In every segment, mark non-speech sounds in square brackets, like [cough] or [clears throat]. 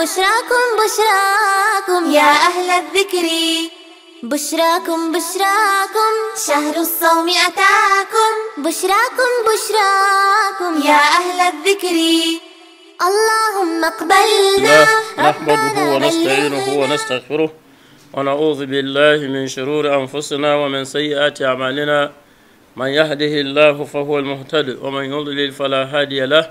بشراكم بشراكم يا أهل الذكر بشراكم بشراكم شهر الصوم أتاكم بشراكم بشراكم يا أهل الذكر اللهم اقبلنا نحمده ونستعينه ونستغفره ونعوذ بالله من شرور أنفسنا ومن سيئات أعمالنا من يهده الله فهو المهتد ومن يضلل فلا هادي له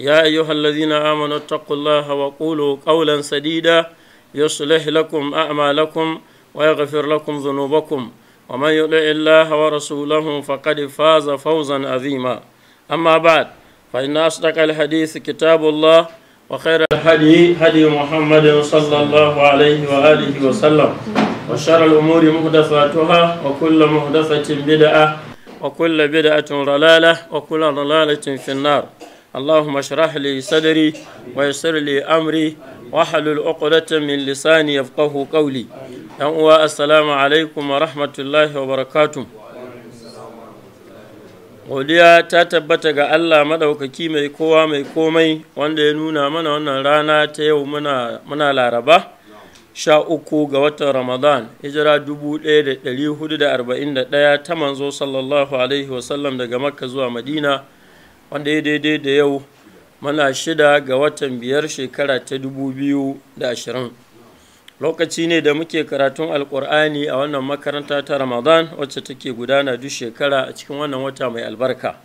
يا أيها الذين آمنوا اتقوا الله وقولوا قولا سديدا يصلح لكم أعمالكم ويغفر لكم ذنوبكم ومن يطع الله ورسوله فقد فاز فوزا عظيما أما بعد فإن أصدق الحديث كتاب الله وخير الهدي هدي محمد صلى الله عليه وآله وسلم وشر الأمور محدثاتها وكل محدثة بدعة وكل بدعة ضلالة وكل ضلالة في النار اللهم اشرح لي صدري ويسر لي أمري wahalul uqdatan min lisani yafqahu qawli dan uwa assalamu alaikum wa rahmatullahi wa barakatuh godiya ta tabbata ga Allah madaukaki mai kowa mai komai wanda ya nuna mana wannan rana ta yau muna muna laraba sha uku ga watan ramadan hijira da 1441 ta manzo sallallahu alaihi wasallam daga makka zuwa madina wanda ya daidai da yau muna shida ga watan biyar shekara ta dubu biyu da ashirin lokaci ne da muke karatun alkur'ani a wannan makaranta ta ramadan wacce take gudana duk shekara a cikin wannan wata mai albarka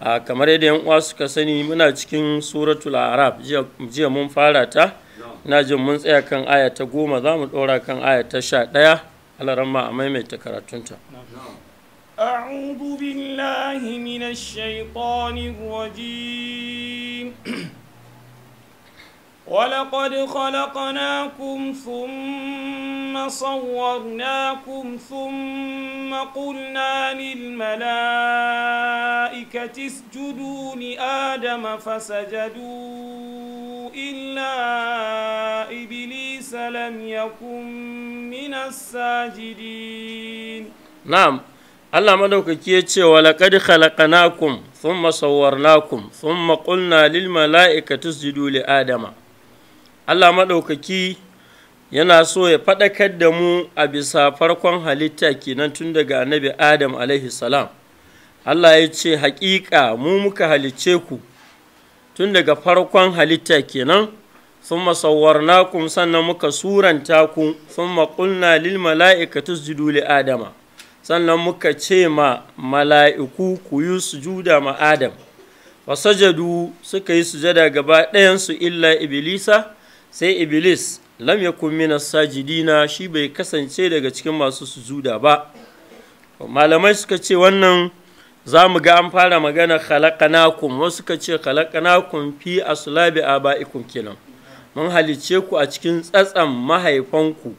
a kamar yadda yan uwa suka sani muna cikin suratul arab jiya mun fara ta na jin mun tsaya kan aya ta goma za mu ɗora kan aya ta sha ɗaya alaramma a maimaita karatunta أعوذ بالله من الشيطان الرجيم [clears throat] ولقد خلقناكم ثم صورناكم ثم قلنا للملائكة اسجدوا لآدم فسجدوا إلا إبليس لم يكن من الساجدين نعم Allah madaukaki ya ce wa laqad khalaqnakum thumma sawwarnakum thumma qulna lil mala'ikati isjudu li adama Allah madaukaki yana so ya faɗakar da mu a bisa farkon halitta kenan tun daga annabi Adam alaihi salam Allah ya ce haƙiƙa mu muka halicce ku tun daga farkon halitta kenan thumma sawwarnakum sannan muka suranta ku thumma qulna lil mala'ikati isjudu li adama sannan muka ce ma mala'iku ku yi sujuda ma Adam, fasajadu suka yi sujada gaba ɗayansu illa Iblisa, sai Iblis lam yakun minas sajidina shi bai kasance daga cikin masu sujuda ba. Malamai suka ce wannan za mu ga an fara magana khalaqanakum wasu suka ce khalaqanakum fi aslabi aba'ikum kenan. Mun halicce ku a cikin tsatsan mahaifanku,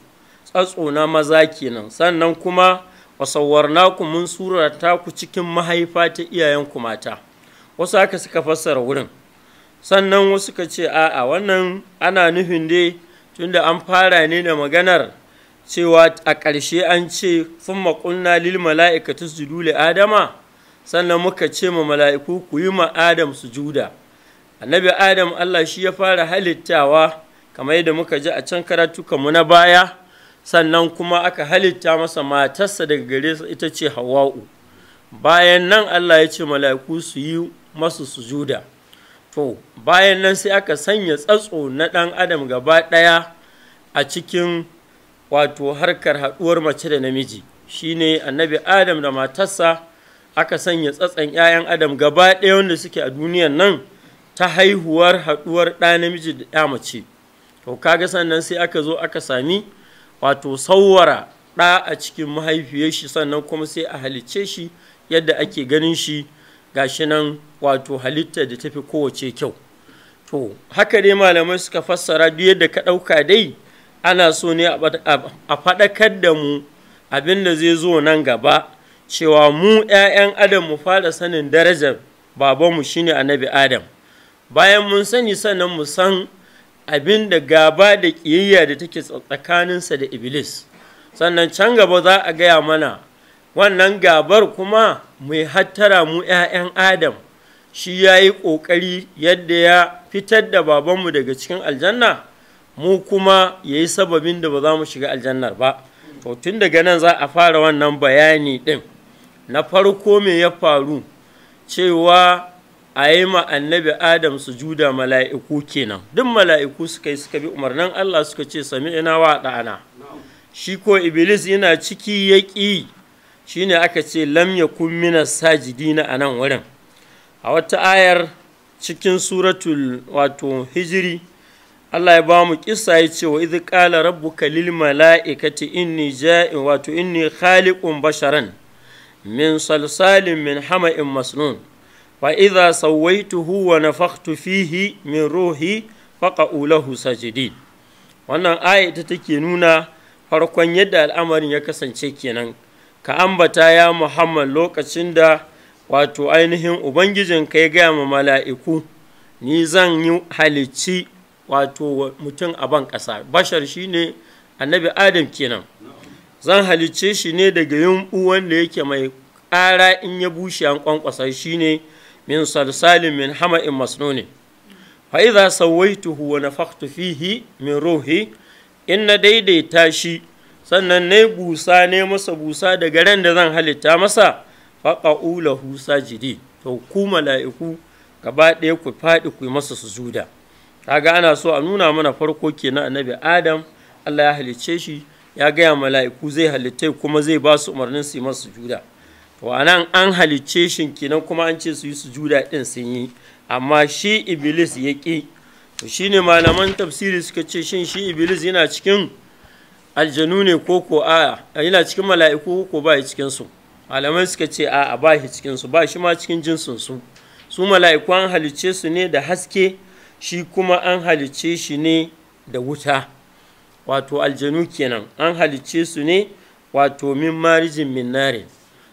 tsatso na maza kenan, sannan kuma wasawwarnaku mun surata ku cikin mahaifa ta iyayenku mata wasu haka suka fassara wurin sannan wasu ka ce a'a wannan ana nufin dai tunda an fara ne da maganar cewa a ƙarshe an ce sun maƙulna lil mala'ikatu sujudu li adama sannan muka ce ma mala'iku ku yi ma adam sujuda annabi adam Allah shi ya fara halittawa kamar yadda muka ji a can kamu na baya sannan kuma aka halitta masa matarsa daga gare su ita ce hawa'u bayan nan Allah ya ce mala'iku su yi masu sujuda to bayan nan sai aka sanya tsatso na ɗan adam gaba ɗaya a cikin wato harkar haɗuwar mace da namiji shine annabi adam da matarsa aka sanya tsatsan 'ya'yan adam gaba ɗaya wanda suke a duniyan nan ta haihuwar haɗuwar ɗa namiji da ɗa mace to kaga sannan sai aka zo aka sami wato sauwara ɗa a cikin mahaifiyar shi sannan kuma sai a halicce shi yadda ake ganin shi gashi nan wato halitta da tafi kowace kyau to haka dai malamai suka fassara duk yadda ka ɗauka dai ana so ne a faɗakar da mu abin da zai zo nan gaba cewa mu 'ya'yan adam mu fara sanin darajar babanmu shine annabi adam bayan mun sani sannan mu san abin da gaba da ƙiyayya da take tsakaninsa da iblis sannan can gaba za a gaya mana wannan gabar kuma mai hattara mu 'ya'yan adam shi ya yi ƙoƙari yadda ya fitar da babanmu daga cikin aljanna mu kuma ya yi sababin da ba za mu shiga aljannar ba to tun daga nan za a fara wannan bayani ɗin na farko me ya faru cewa a yi ma annabi adam su juda mala'iku kenan duk mala'iku suka yi suka bi umarnin Allah suka ce sami ina wa ɗana shi ko iblis yana ciki ya ƙi shi ne aka ce lam yakun mina sajidina a nan wurin a wata ayar cikin suratul wato hijiri Allah ya ba mu kisa ya ce wa idh qala rabbuka lil mala'ikati inni ja'in wato inni khaliqun basharan min salsalin min hama'in masnun fa'iza idza sawaituhu wa nafakhtu fihi min ruhi faqa'u wannan aya ita take nuna farkon yadda al'amarin ya kasance kenan ka ambata ya muhammad lokacin da wato ainihin ubangijin ka ya gaya ma mala'iku ni zan yi halicci wato mutum a ban ƙasa bashar shi ne annabi adam kenan zan halicce shi ne daga yumɓu wanda yake mai ƙara in ya bushe an kwankwasa shi ne min salsalin min hama'in masnuni fa idza sawaituhu wa nafakhtu fihi min ruhi in na daidaita shi sannan ne busa ne masa busa daga ran da zan halitta masa faqa'u lahu sajidi to ku mala'iku gaba ɗaya ku faɗi ku masa sujuda kaga ana so a nuna mana farko kenan annabi adam Allah ya halicce shi ya gaya mala'iku zai halittai kuma zai ba su umarnin su yi masa sujuda wa nan an halicce shi kenan kuma an ce su yi sujuda din sun yi amma shi iblis ya ki shi ne malaman tafsiri suka ce shin shi iblis yana cikin aljanu ne ko ko a yana cikin mala'iku ko ba cikin su malamai suka ce a ba shi cikin su ba shi ma cikin jinsin su su mala'iku an halicce su ne da haske shi kuma an halicce shi ne da wuta wato aljanu kenan an halicce su ne wato min marijin min narin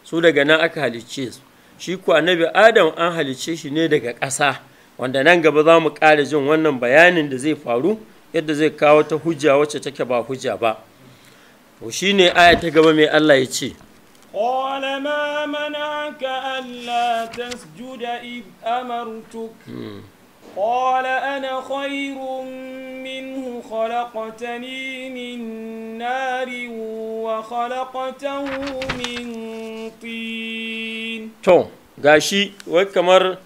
su daga nan aka halicce su shi ku annabi adam an halicce shi ne daga ƙasa wanda nan gaba za mu ƙara jin wannan bayanin da zai faru yadda zai kawo ta hujja wacce take ba hujja ba to ne aya ta gaba mai Allah ya ce قال ما منعك ألا تسجد إذ قال أنا خير منه خلقتني من نار وخلقته من طين تو gashi wai kamar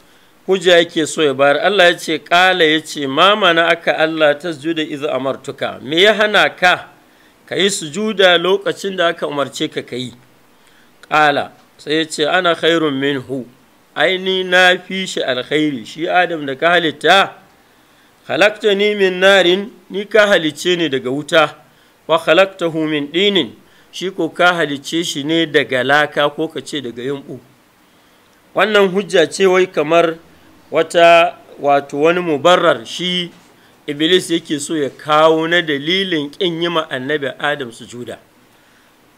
hujja yake so ya bayar Allah ya ce ƙala ya ce mama aka Allah ta sujuda izu amartuka me ya hana ka ka yi sujuda lokacin da aka umarce ka ka ƙala sai yace ce ana khairun minhu aini na fi shi alkhairi shi adam da ka halitta halakta ni min narin ni ka halicce ni daga wuta wa halaktahu min dinin shi ko ka halicce shi ne daga laka ko ka ce daga yumɓu wannan hujja ce wai kamar wata wato wani mubarrar shi iblis yake so ya kawo na dalilin ƙin yi ma annabi adam sujuda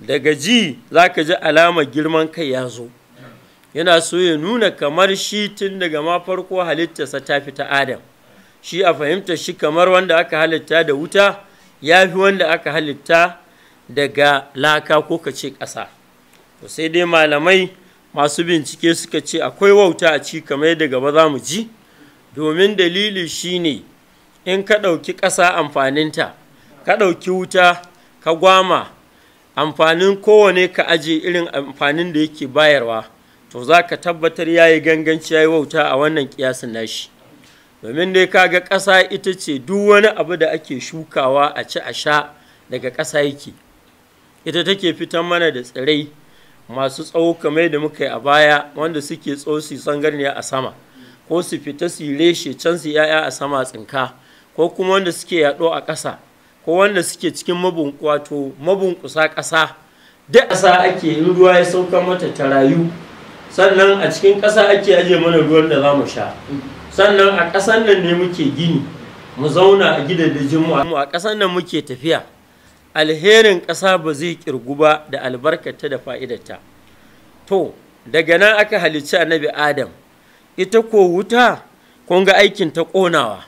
daga ji za ka ji alamar girman kai ya zo yana so ya nuna kamar shi tun daga ma farko halittarsa ta fi ta adam shi a fahimta shi kamar wanda aka halitta da wuta ya fi wanda aka halitta daga laka ko kace ƙasa to sai dai malamai masu bincike suka ce akwai wauta a ci kamar daga gaba za mu ji domin dalili shi ne in ka ɗauki ƙasa amfaninta ka ɗauki wuta ka gwama amfanin kowane ka aje irin amfanin da yake bayarwa to za ka tabbatar ya yi ganganci ya yi wauta a wannan kiyasin nashi domin dai ka ga ƙasa ita ce duk wani abu da ake shukawa a ci a sha daga ƙasa yake ita take fitan mana da tsirai masu tsawo kamar da muka yi a baya wanda suke tsawo su sangarniya a sama ko su fita su reshe can su yaya a sama tsinka ko kuma wanda suke yaɗo a ƙasa ko wanda suke cikin mabunkusa ƙasa duk ƙasa ake ruwa ya sauka mata ta rayu sannan a cikin ƙasa ake aje mana ruwan da za mu sha sannan a ƙasan nan ne muke gini mu zauna a gidajen mu a ƙasan nan muke tafiya alherin ƙasa ba zai ƙirgu ba da albarkata da fa'idata. to daga nan aka halicci annabi adam ita ko wuta kun ga aikin ta ƙonawa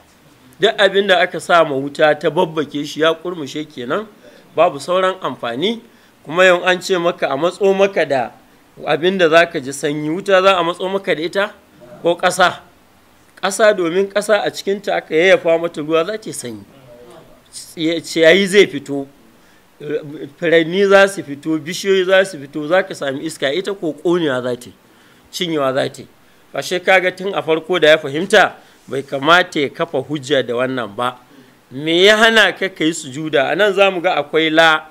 duk abin da aka sa ma wuta ta babbake shi ya kurmushe kenan babu sauran amfani kuma yau an ce maka a matso maka da abinda za ka ji sanyi wuta za a matso maka da ita ko ƙasa ƙasa domin ƙasa a cikinta aka yayyafa mata ruwa za ta sanyi ciyayi zai fito furanni za su fito bishiyoyi za su fito za ka sami iska ita ko ƙonewa za ta cinyewa za ta ashe kaga tun a farko da ya fahimta bai kamata ya kafa hujja da wannan ba me ya hana ka ka yi sujuda a nan za mu ga akwai la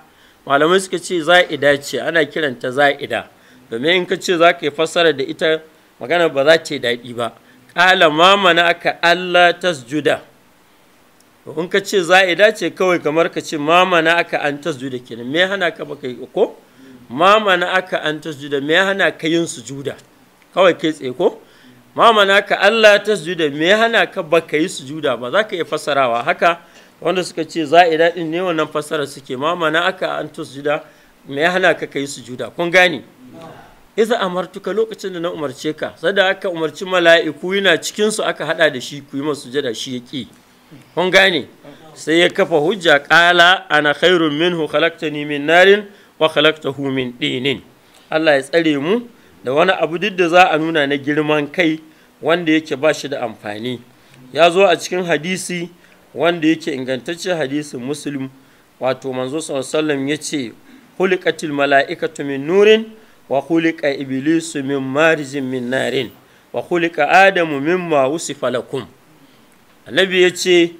malamai suka ce za'ida ce ana kiranta za'ida domin in ka ce za ka yi fassara da ita magana ba za ta yi daɗi ba ƙala ma mana aka Allah tasjuda in ka ce za a dace kawai kamar ka ce ma mana aka an tasjuda kenan me hana ka baka yi ko ma mana aka an tasjuda me hana ka yin sujuda kawai kai tsaye ko ma mana aka Allah tasjuda me hana ka baka ka yi sujuda ba za ka iya fassarawa haka wanda suka ce za a daɗin ne wannan fassara suke ma mana aka an tasjuda me hana ka ka yi sujuda kun gane iza amartuka lokacin da na umarce ka sada aka umarci mala'iku yana cikin su aka hada da shi ku yi masu jada shi yaki kun gane sai ya kafa hujja qala ana khairun minhu khalaqtani min narin wa khalaqtahu min dinin Allah ya tsare mu da wani abu duk da za a nuna na girman kai wanda yake ba shi da amfani ya zo a cikin hadisi wanda yake ingantaccen hadisin muslim wato manzo sallallahu alaihi wasallam yace huliqatil mala'ikatu min nurin wa khuliqa iblisu min marijin min narin wa khuliqa adamu ma wusifa lakum annabi yace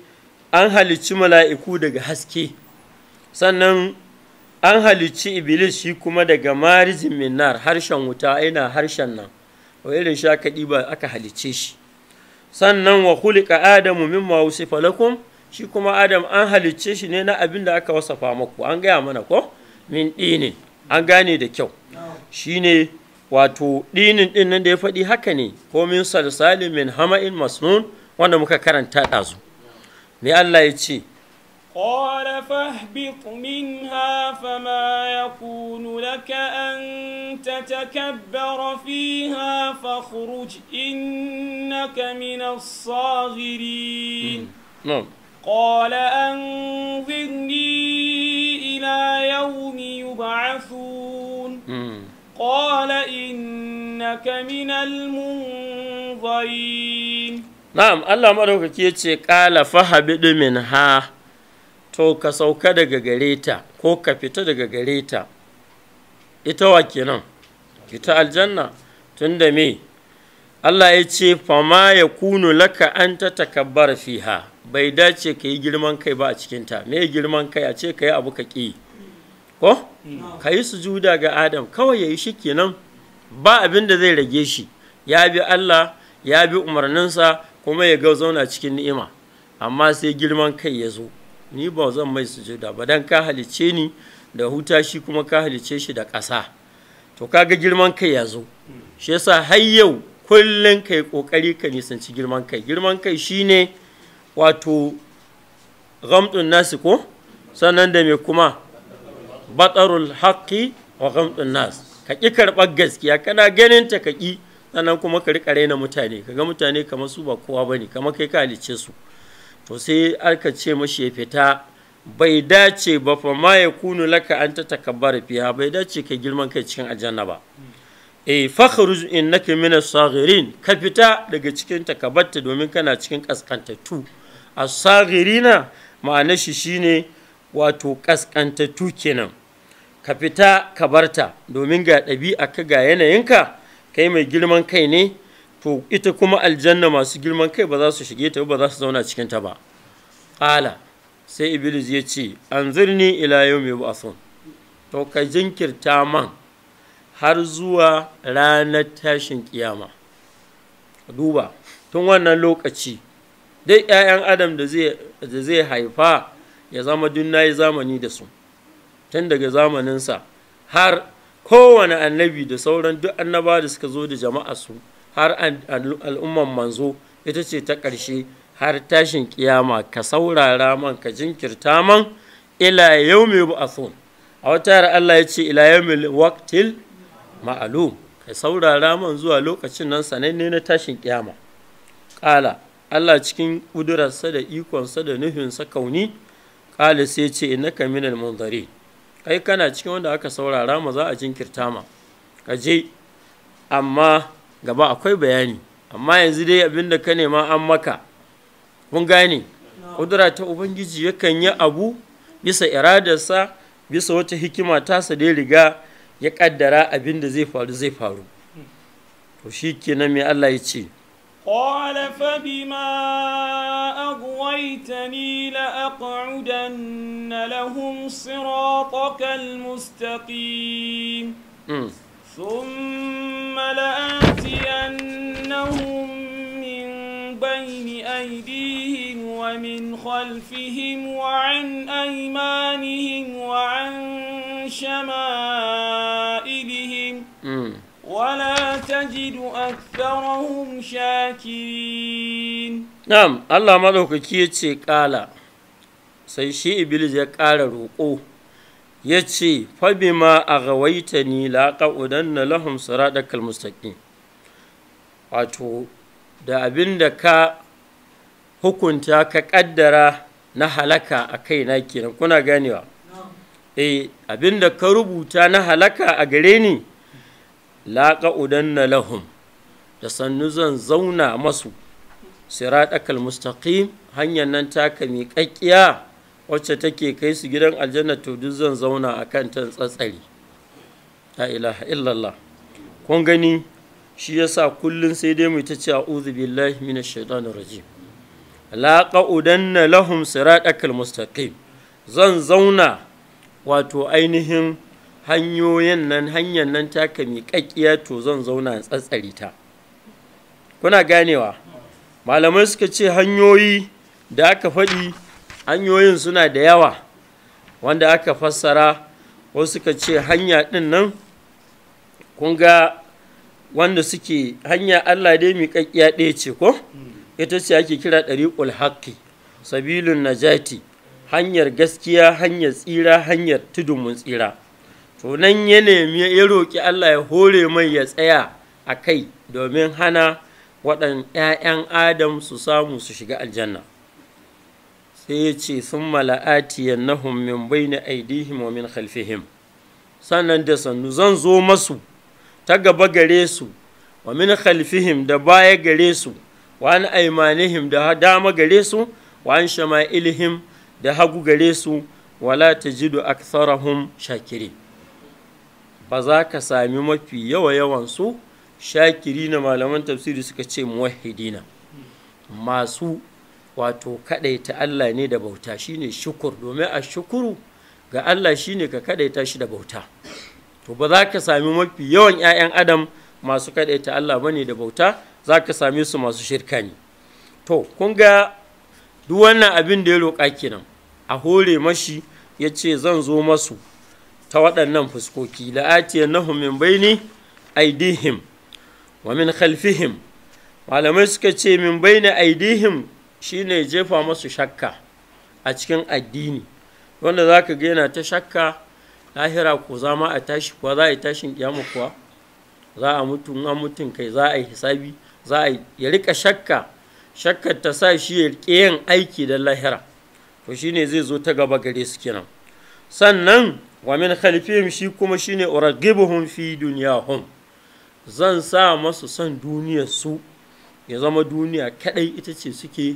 an halicci mala'iku daga haske sannan an halicci iblis shi kuma daga marijin min nar harshen wuta aina harshen nan wa irin sha ba aka halicce shi sannan wa khuliqa adamu ma wusifa lakum shi kuma adam an halicce shi ne na abin da aka wasafa maku an gaya mana ko min dinin an gane da kyau shine wato dinin din nan da ya faɗi haka ne ko min salsalin min hama'in masnun wanda muka karanta ɗazu me Allah ya ce قال فاهبط منها فما يكون لك أن تتكبر فيها فاخرج إنك من الصاغرين قال أنظرني إلى يوم يبعثون قال إنك من المنظرين نعم الله مدوك كيتي قال فهبد منها to ka sauka daga gare ta ko ka fita daga gare ta ita wa kenan ita aljanna tunda me Allah ya ce fama ya kunu laka an ta takabbar fiha bai dace ka yi girman kai ba a cikinta me girman kai a ce ka yi abu ka ƙi ko ka yi sujuda ga adam kawai ya yi shi kenan ba abin da zai rage shi ya bi Allah ya bi umarninsa kuma ya ga zauna cikin ni'ima amma sai girman kai ya zo ni ba zan mai sujuda ba dan ka halice ni da huta shi kuma ka halice shi da ƙasa to kaga girman kai ya zo shi yasa har yau kullum yi kokari ka nisanci girman kai girman kai shine wato ghamdun nasi ko sannan da mai kuma batarul haƙƙi wa ghamdun nas ka ƙi karɓar gaskiya kana ganin ta ka ƙi sannan kuma ka riƙa raina mutane ka ga mutane kamar su ba kowa ba ne kamar kai ka halice su to sai aka ce mashi ya fita bai dace ba fa ma ya kunu laka an ta takabbara fiya bai dace ka girman kai cikin aljanna ba e fakhruj innaka min as-saghirin ka fita daga cikin takabbata domin kana cikin kaskantattu as-saghirina ma'anar shi shine wato kaskantattu kenan ka fita ka barta domin ga ɗabi'a ka ga yanayinka kai mai girman kai ne to ita kuma aljanna masu girman kai ba za su shige ta ba za su zauna cikin ta ba ƙala sai Ibilis ya ce an zirni ila yau mai ba'asun to ka jinkirta man har zuwa ranar tashin kiyama duba tun wannan lokaci dai 'ya'yan adam da zai haifa ya zama dunna zamani da su tun daga zamaninsa har kowane annabi da sauran duk annaba da suka zo da jama'a su har al'umman manzo ita ce ta ƙarshe har tashin kiyama ka saurara man ka jinkirta man ila yau mai bu a A wata yara Allah ya ce ila yau mai waktil ma'alum ka saurara man zuwa lokacin nan sananne na tashin kiyama ƙala Allah cikin ƙudurarsa da ikonsa da nufinsa kauni ƙala sai ce innaka minal munzari kai kana cikin wanda aka saurara ma za a jinkirta ma ka je amma gaba akwai bayani amma yanzu dai abin da ka nema an maka kun gane kudura ta ubangiji yakan yi abu bisa iradarsa bisa wata hikima tasa dai riga ya kaddara abin da zai faru zai faru to shi kenan mai Allah ya ce قال فبما أغويتني لأقعدن لهم صراطك المستقيم ثم لآتينهم من بين أيديهم ومن خلفهم وعن أيمانهم وعن شمائلهم ولا تجد أكثرهم شاكرين نعم الله ملوك كيتي قال سيشي إبليس يقال روقو يتي فبما أغويتني لأقعدن لهم صراطك المستقيم wato da abin da ka hukunta ka kaddara na halaka a kaina kenan kuna ganewa eh abin da ka rubuta na halaka a gare ni laƙa'udanna lahum da sannu zan zauna masu siraɗakal mustaqim hanyar nan taka miƙaƙƙiya wacce take kai su gidan aljanna to duk zan zauna a kan ta tsatsari la ilaha illallah kun gani shi yasa kullun sai dai mu ta ce a'udhu billahi minash shaitanir rajim la qadanna lahum siratal mustaqim zan zauna wato ainihin hanyoyin nan hanyar nan taka miƙaƙƙiya to zan zauna tsatsari ta kuna ganewa malamai suka ce hanyoyi da aka faɗi hanyoyin suna da yawa wanda aka fassara wasu suka ce hanya ɗin nan kun ga wanda suke hanya Allah dai miƙaƙƙiya ɗaya ce ko ita ce ake kira ɗariƙul haƙƙi sabilun najati hanyar gaskiya hanyar tsira hanyar tudun tsira to nan ya nemi ya roƙi Allah ya hore mai ya tsaya a kai domin hana waɗan ‘ya'yan Adam su samu su shiga aljanna sai ya ce sun mala'ati yannahum min na aidihim wa min khalfihim sannan da sannu zan zo masu ta gaba gare su wa min khalfihim da baya gare su wa an aimanihim da dama gare su wa an shama'ilihim da hagu gare su wala tajidu aktharahum shakirin ba za ka sami mafi yawa yawan su shakiri na malaman tafsiri suka ce muwahidina masu wato kadaita Allah ne da bauta shine shukur domin a shukuru ga Allah shine ka kadaita shi da bauta to ba za ka sami mafi yawan 'ya'yan adam masu kadaita Allah ne da bauta za ka same su masu shirka ne to kun ga duk wannan abin da ya roƙa kenan a hore mashi ya ce zan zo masu ta waɗannan fuskoki la'atiyannahum min baini aidihim wa min khalfihim malamai suka ce min baini aidihim shine jefa masu shakka a cikin addini wanda za ka gina ta shakka lahira ko za ma a tashi kuwa za a yi tashin kiyama kuwa za a mutu an mutun kai za a yi hisabi za a yi rika shakka shakkar ta sa shi ya rike yin aiki da lahira to shine zai zo ta gaba gare su kenan sannan wa min shi kuma shine uragibuhum fi dunyahum zan sa masu san duniyar su ya zama duniya kadai ita ce suke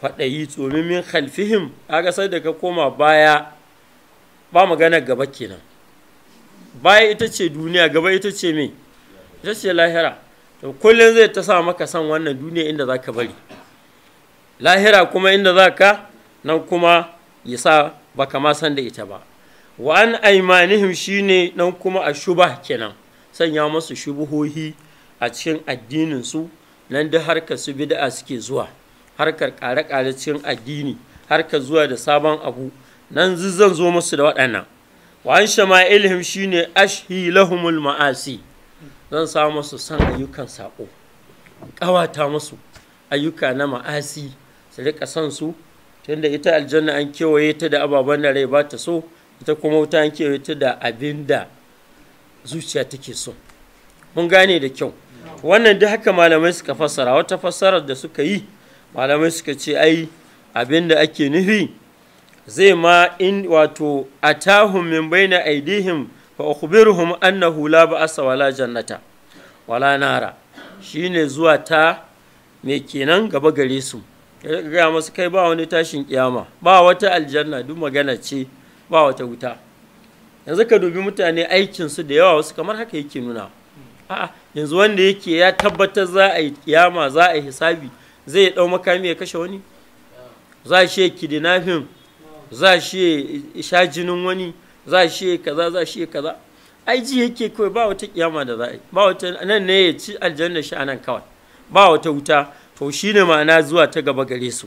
kwaɗayi tsomin min khalfihim aga sai da ka koma baya ba magana gaba kenan baya ita ce duniya gaba ita ce me ita ce lahira to kullum zai ta sa maka san wannan duniya inda za ka bari lahira kuma inda za ka nan kuma ya sa baka ma san da ita ba wa an aimanihim shine nan kuma a shuba kenan sanya masu shubuhohi a cikin addinin su nan da harkar su bid'a suke zuwa harkar ƙare kare cikin addini harkar zuwa da sabon abu nan zan zo musu da waɗannan wa an shama'ilhim shine ashi lahumul ma'asi zan sa musu san ayyukan saƙo ƙawata musu ayyuka na ma'asi su rika son su tunda ita aljanna an kewaye ta da ababen da rai ba ta so ita kuma wuta an wuta da abin da zuciya take so mun gane da kyau wannan da haka malamai suka fassara wata fassarar da suka yi malamai suka ce ai abin da ake nufi zai ma in wato atahum min baina aidihim fa ukhbiruhum annahu la ba'asa wala jannata wala nara shine zuwa ta me kenan gaba gare su ga masu kai ba wani tashin kiyama ba wata aljanna duk magana ce ba wata wuta yanzu ka dubi mutane aikinsu da yawa wasu kamar haka yake nuna a'a yanzu wanda yake ya tabbatar za a yi kiyama za a yi hisabi zai dau makami ya kashe wani za shi kidnapping za shi sha jinin wani za shi kaza za shi kaza ai ji yake kawai ba wata kiyama da za a yi ba wata nan ne ya ci aljanna shi anan kawai ba wata wuta to shine ma'ana zuwa ta gaba gare su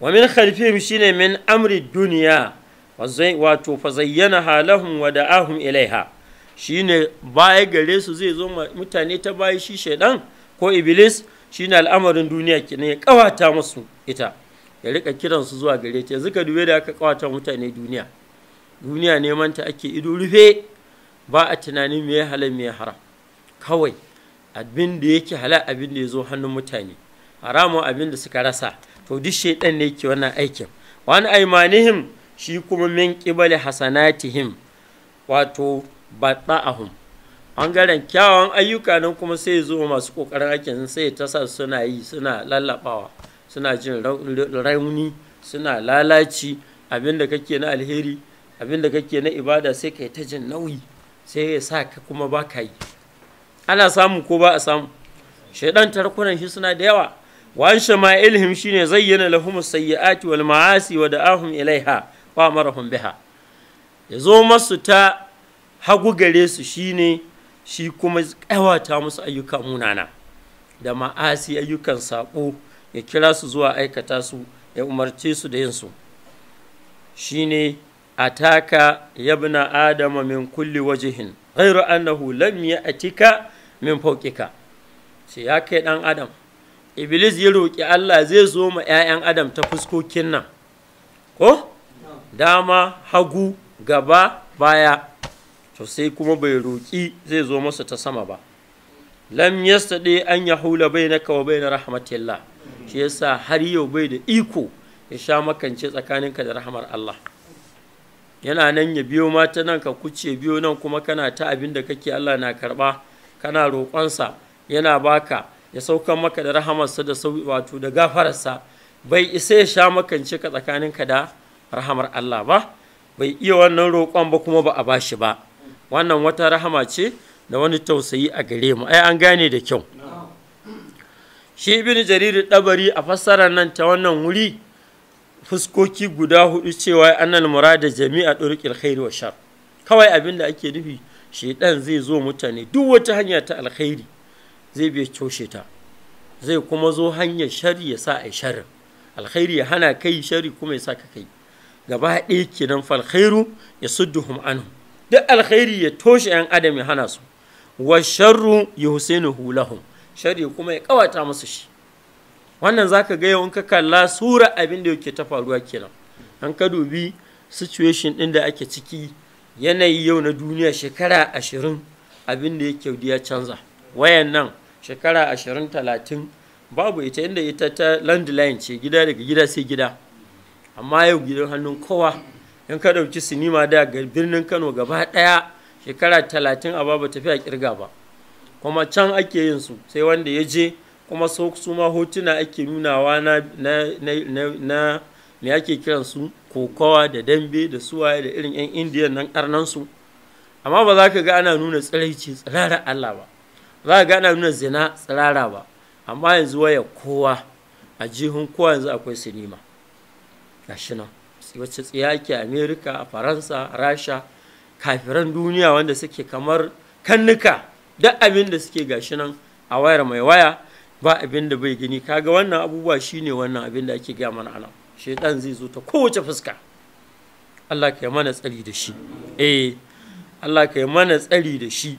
wa min khalfihim shine min amri duniya wato fa zayyana halahum wa da'ahum ilaiha shine baya gare su zai zo mutane ta bayi shi shaidan ko iblis shine al'amarin duniya ki ya kawata musu ita ya rika kiran su zuwa gare ta yanzu ka dube da aka kawata mutane duniya duniya neman ta ake ido rufe ba a tunanin me halal me haram kawai abin da yake halal abin da ya zo hannun mutane haramun abin da suka rasa to duk shaidan ne ke wannan aikin wani aimanihim shi kuma min ƙibali hasanatihim wato bada'ahum bangaren kyawun ayyuka nan kuma sai zo masu kokarin aikin sai ta sa suna yi suna lallabawa suna jin rauni suna lalaci abinda kake na alheri abinda kake na ibada sai kai ta jin nauyi sai ya sa ka kuma ba ka yi ana samu ko ba a samu shaidan tarkunan shi suna da yawa wa ma shama'ilhim shine zayyana lahum sayyi'ati wal ma'asi wa da'ahum ilaiha wa marahun biha ya zo masu ta hagu gare su shine shi kuma kawata musu ayyuka munana da ma'asi ayyukan saƙo ya kira su zuwa aikata su ya umarce su da yin su shine ataka yabna adama min kulli wajihin ghairu annahu lam ya'tika min fawqika sai ya kai dan adam iblis ya roƙi Allah zai zo ma 'ya'yan adam ta fuskokin nan ko dama hagu gaba baya to sai kuma bai roƙi zai zo masa ta sama ba lam yastadi an yahula bainaka wa bain rahmatillah shi yasa har yau bai da iko ya sha makance tsakaninka da rahmar Allah yana nan ya biyo mata nan ka kuce biyo nan kuma kana ta abin da kake Allah na karba kana roƙonsa yana baka ya saukan maka da rahamarsa da wato da gafararsa bai isa ya sha makance ka tsakaninka da rahamar Allah ba bai iya wannan roƙon ba kuma ba a ba shi ba wannan wata rahama ce da wani tausayi a gare mu ai an gane da kyau shi ibn jarir dabari a fassarar nan ta wannan wuri fuskoki guda hudu cewa annal murada jami'a durqil khair wa shar kawai abin da ake nufi shedan zai zo mutane duk wata hanya ta alkhairi zai biya coshe ta zai kuma zo hanyar shari ya sa ai sharri alkhairi ya hana kai shari kuma ya sa ka kai gaba ɗaya kenan falkhairu ya hum anhu duk alkhairi ya toshe yan adam ya hana su wa sharru ya husainu hulahum sharri kuma ya kawata musu shi wannan zaka ga yau in ka kalla sura abin da yake ta faruwa kenan an ka dubi situation ɗin da ake ciki yanayi yau na duniya shekara ashirin abin da yake ya canza wayan nan shekara ashirin talatin babu ita inda ita ta landline ce gida daga gida sai gida amma yau gidan hannun kowa in ka ɗauki sinima da ga birnin kano gaba ɗaya shekara talatin a babu tafiya a kirga ba kuma can ake yin su sai wanda ya je kuma su ma hotuna ake nunawa na na me ake kiran su kokowa da dambe da suwaye da irin 'yan indiyan nan karnan su amma ba za ka ga ana nuna tsiraici tsirara allah ba za ka ga ana nuna zina tsirara ba amma yanzu waya kowa a jihun kowa yanzu akwai sinima gashi nan wacce tsiyaki amerika faransa rasha kafiran duniya wanda suke kamar kannuka duk abin da suke gashi nan a wayar mai waya ba abin da bai gini kaga wannan abubuwa shine wannan abin da ake gaya mana ana shaitan zai zo ta kowace fuska Allah ka yi mana tsari da shi eh Allah ka yi mana tsari da shi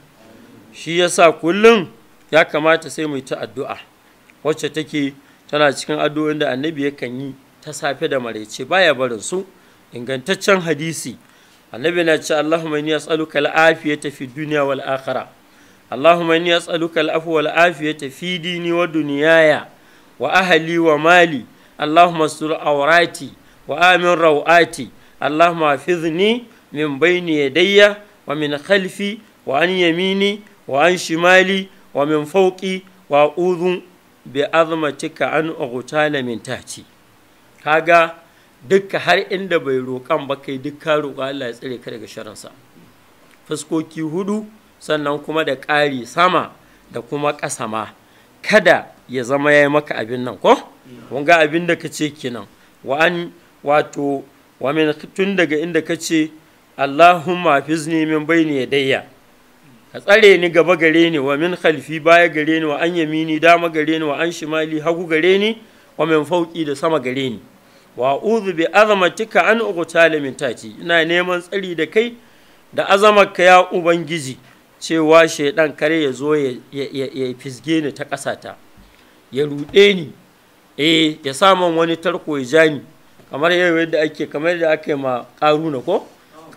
shi yasa kullum ya kamata sai mu ta addu'a wacce take tana cikin addu'o'in da annabi yakan yi ta safe da maraice baya barin su ingantaccen hadisi annabi na ce Allahumma inni as'aluka al-afiyata fi dunya wal akhirah Allahumma inni as'aluka al-afwa wal afiyata fi dini wa dunyaya wa ahli wa mali Allahumma sur awrati wa amin rawati Allahumma hafizni min bayni yadayya wa min khalfi wa an yamini wa an shimali wa min fawqi wa a'udhu bi azmatika an ughtala min tahti kaga duka har inda bai roƙan ba kai duk ka roƙa Allah ya tsare ka daga sharansa fuskoki hudu sannan kuma da ƙari sama da kuma ƙasa ma kada ya zama ya yi maka abin nan ko kun ga abin da ka ce kenan wa an wato wa min tun daga inda ka ce Allahumma fizni min bayni yadayya ka tsare ni gaba gare ni wa min khalfi baya gare ni wa an yamini dama gare ni wa an shimali hagu gare ni wa min fauki da sama gare ni wa uzu bi azamatika an uqtala min taki ina neman tsari da kai da azamarka ya ubangiji cewa shaidan kare ya zo ya fisge ni ta ƙasata ya ruɗe ni eh ya samun wani tarko ya ja kamar yau yadda ake kamar da aka ma karuna ko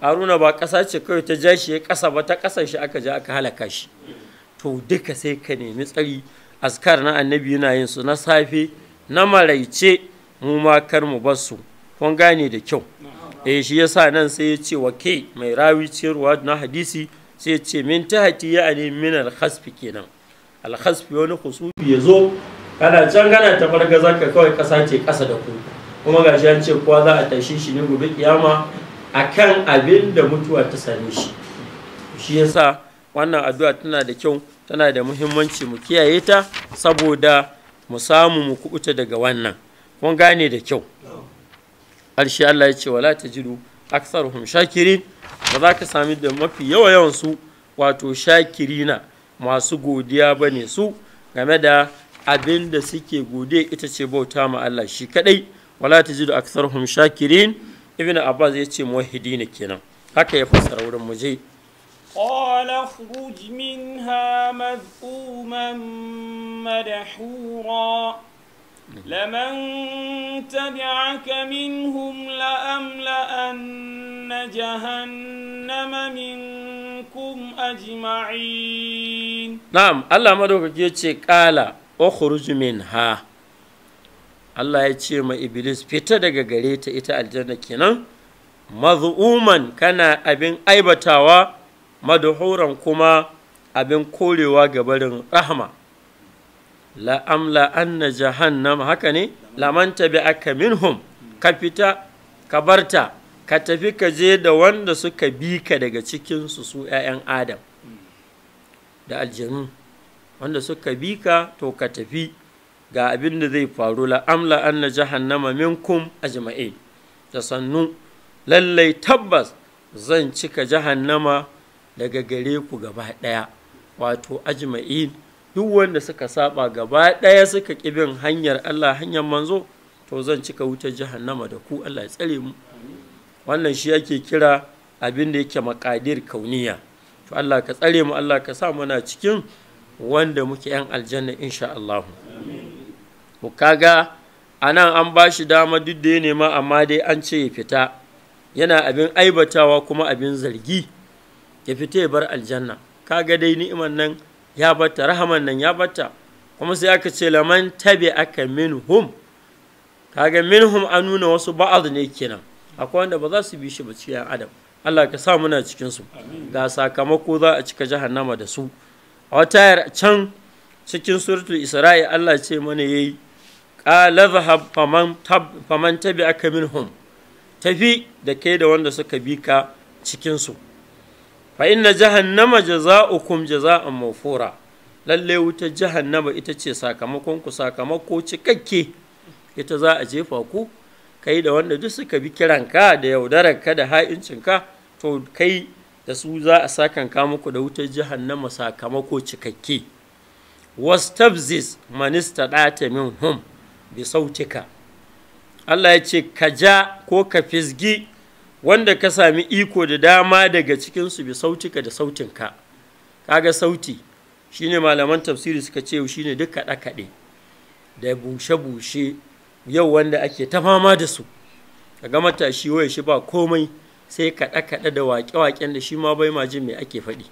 ƙaruna ba ƙasa ce kai ta ja shi ya ƙasa ba ta ƙasashe shi aka ja aka halaka shi to duka sai ka nemi tsari askar na annabi yana yin su na safe na maraice mu ma kar mu bar su kun gane da kyau eh shi yasa nan sai ya ce wa ke mai rawi ciyarwa na hadisi sai ya ce min tahati ya ne min al kenan al wani khusufi ya zo kana can gana farga za ka kawai kasa ce kasa da ku kuma gashi an ce kowa za a tashi shi ne gobe kiyama akan abin da mutuwa ta same shi shi yasa wannan addu'a tana da kyau tana da muhimmanci mu kiyaye ta saboda mu samu mu kubuta daga wannan kun gane da kyau alshi Allah ya ce wala tajidu aktsaruhum shakirin ba za ka sami da mafi yawa yawan su wato shakirina masu godiya ba ne su game da abin da suke gode ita ce bauta ma Allah shi kadai wala tajidu aktsaruhum shakirin ibnu abbas ya ce muwahhidina kenan haka ya fassara wurin muje قال اخرج منها مذءوما مدحورا لمن تبعك منهم لأملأن جهنم منكم أجمعين نعم الله مدوك يتشي قال أخرج منها Allah ya ce ma Iblis fita daga gare ta ita aljanna kenan mazu'uman kana abin aibatawa madhuran kuma abin korewa ga barin rahma. la'amla anna jahannam haka ne lamanta bi aka minhum ka fita ka barta ka tafi ka je da wanda suka bi ka daga cikinsu su 'ya'yan adam da aljanu wanda suka bi ka to ka tafi ga abin da zai faru la'amla anna jahannama minkum ajma'in da sannu lallai tabbas zan cika jahannama daga gare ku gaba ɗaya wato ajma'in duk wanda suka saba gaba ɗaya suka ƙi bin hanyar Allah hanyar manzo to zan cika wutar jahannama da ku Allah ya tsare mu wannan shi ake kira abin da yake makadir kauniya to Allah ka tsare mu Allah ka sa muna cikin wanda muke yan aljanna insha Allah mu kaga anan an ba shi dama duk da ya nema amma dai an ce ya fita yana abin aibatawa kuma abin zargi ya fita ya bar aljanna kaga dai ni'imar nan ya batta rahaman nan ya batta kuma sai aka ce laman tabi aka minhum kaga minhum an nuna wasu ba'ad ne kenan akwai wanda ba za su bi shi ba cikin adam Allah ka sa muna cikin su ga sakamako za a cika jahannama da su a wata can cikin suratul isra'i Allah ce mana yayi qala zahab faman tab faman tabi aka minhum tafi da kai da wanda suka bi ka cikin su fa inna jahannama jaza'ukum jaza'an mawfura lalle wuta jahannama ita ce sakamakon ku sakamako cikakke ita za a jefa ku kai da wanda duk suka bi kiranka da yaudararka da ha'incinka to kai da su za a sakanka muku da wutar jahannama sakamako cikakke wastabzis manista ɗata minhum bi sautika Allah ya ce ka ja ko ka fisgi wanda ka sami iko da dama daga cikinsu bi sautika da sautin ka kaga sauti shine malaman tafsiri suka ce shine duk kaɗe-kaɗe da bushe-bushe yau wanda ake ta fama da su kaga matashi waya shi ba komai sai kaɗe-kaɗe da waƙe-waƙen da shi ma bai ma jin me ake faɗi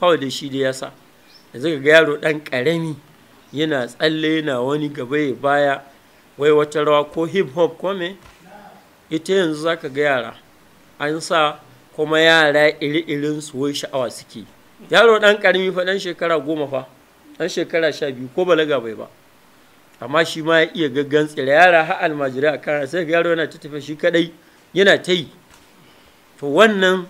kawai da shi da ya sa yanzu ga yaro ɗan ƙarami yana tsalle yana wani gaba ya baya wai wata rawa ko hip hop ko me ita yanzu zaka ga yara an sa kuma yara iri-irin su wai sha'awa suke yaro ɗan ƙarami fa ɗan shekara goma fa ɗan shekara sha biyu ko balaga bai ba amma shi ma ya iya gaggan tsira yara ha almajirai a kara sai yaro yana ta tafi shi kadai yana ta yi to wannan